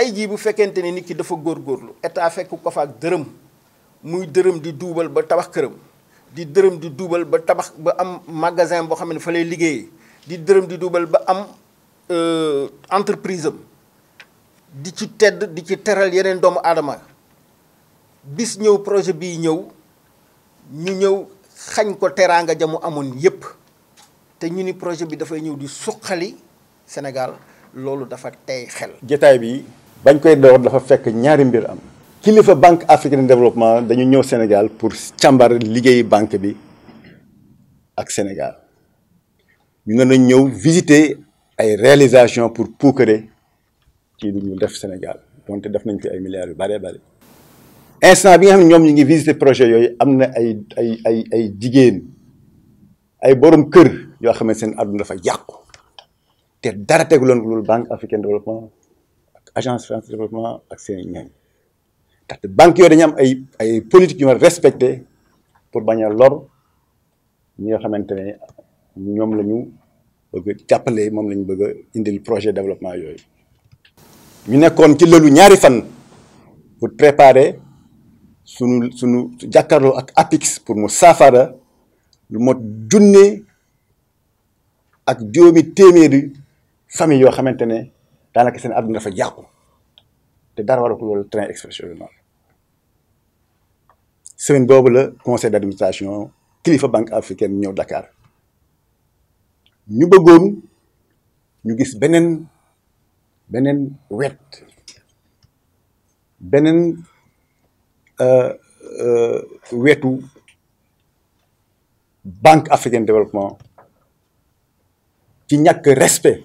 tey jii bu fekkente ni nit ki dafa góorgóorlu eta fekk ko fa ak deureum muy deureum di doubal ba tabax di deureum di doubal ba tabax ba am magasin bo xam fa lay di deureum di doubal ba am euh, entreprise di ci tedd di ci teral yenen doomu adama bis ñew projet bi ñew ñu ñew xagn ko teranga jamu mu yep te ñu ni projet bi fay ñew di sukkali Senegal loolu dafa tay xel. jotaay bi. bañ koy door dafa fekk ñaari mbir am kilifa banque africaine de développement dañu ñëw Sénégal pour càmbar liggéey banque bi ak Sénégal ñu ne nañ ñëw visiter ay réalisation pour poukéré ci lu ñu def Sénégal donte def nañ fi ay milliards yu bare bare instant bi nga xam ñoom ñu ngi visiter projet yooyu am na ay ay ay ay jigéen ay borom kër yoo xam ne seen àdduna dafa yàqu te dara tegu loon ko loolu Banque africaine de développement agence France développement ak seen ñooñ ndaxte banques yooyu dañu am ay ay politiques yu war respecté pour bañ a lor ñi nga xamante ne ñoom la ñu bëgg a jàppale moom la ñu bëgg a indil projet développement yooyu ñu nekkoon ci lëlu ñaari fan pour préparer sunu sunu jàkkaarloo ak APIX pour mu saafara lu mot junne ak juróomi téeméeri famille yoo xamante ne dans la question dafa te dara ko loolu train express semaine la conseil d'administration banque africaine de Dakar Nous bëggoon ñu gis beneen euh, euh, banque africaine développement ci que respect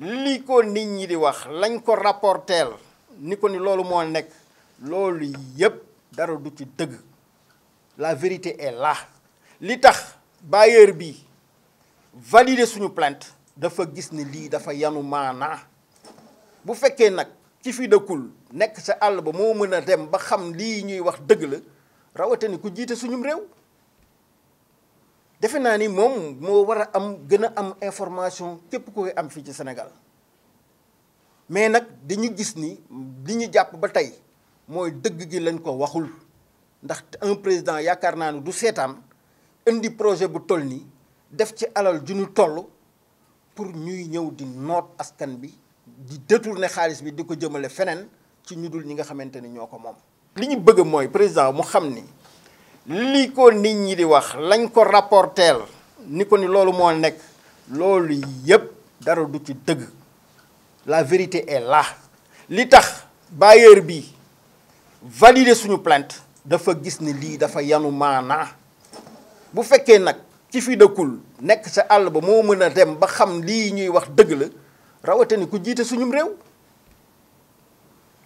li ko nit ñi di wax lañ ko rapporteel ni ko ni loolu moo nekk loolu yépp dara du ci dëgg la vérité et la li tax bailleur bi valider suñu plant dafa gis ni lii dafa yanu maanaa bu fekkee nag ci fii dëkkul nekk sa àll ba moo mën a dem ba xam lii ñuy wax dëgg la rawate ku jiite suñum réew defe naa ni moom moo war a am gën a am information képp koy am fii ci Sénégal mais nag dañu gis ni li ñu jàpp ba tey mooy dëgg gi lañ ko waxul ndax un président yaakaar naa ni du seetaan indi projet bu toll nii def ci alal ju ñu toll pour ñuy ñëw di noot askan bi di ne xaalis bi di ko jëmale feneen ci ñu dul ñi nga xamante ni ñoo ko moom. li ñu bëgg mooy président mu xam ni. li ko nit ñi di wax lañ ko ni ko ni loolu moo nekk loolu yëpp dara du ci dëgg la vérité est là li tax bailleur bi valider suñu plainte dafa gis ni li, dafa yanu mana. bu fekkee nag ci fi dëkkul nekk sa àll ba moo mën a dem ba xam lii ñuy wax dëgg la rawate ku suñum réew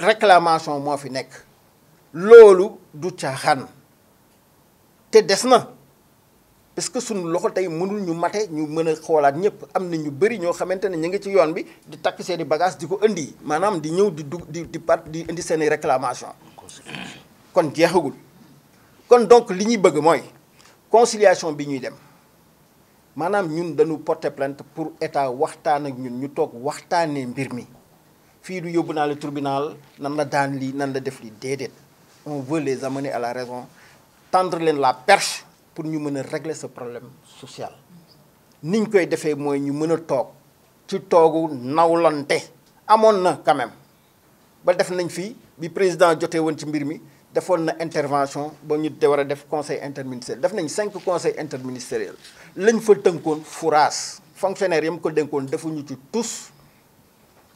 réclamation mo fi nek loolu du caaxaan te des na parce que sunu loxo tay mënul ñu maté ñu mëna xolaat xoolaat ñëpp am ñu bëri ño xamante ñi ñu ngi ci yoon bi di takk seeni bagage di ko indi manam di ñëw di di di part di indi seeni réclamation kon jéxagul kon donc li ñi bëgg moy conciliation bi ñuy dem manam ñun dañu porter plainte pour état waxtaan ak ñun ñu tok waxtaané mbir mi fii du yobuna tribunal on veut les amener à la raison tendre la perche pour nous régler ce problème social niñ koy defee nous ñu Nous devons nous Nous quand même président une intervention ba conseil interministériel cinq conseils interministériel faut fa nous tous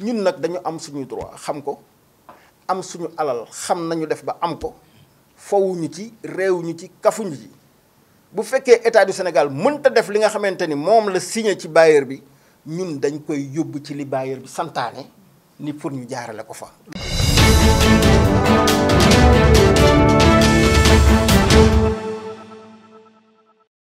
ñun nag dañu am suñu droit xam ko am suñu alal xam nañu def ba am ko fowuñu ci réewuñu ci kafuñu ci bu fekkee état du Sénégal mënta def li nga xamante ni moom la signé ci bailleur bi ñun dañ koy yóbbu ci li bailleur bi santaane ni pour ñu jaarale ko fa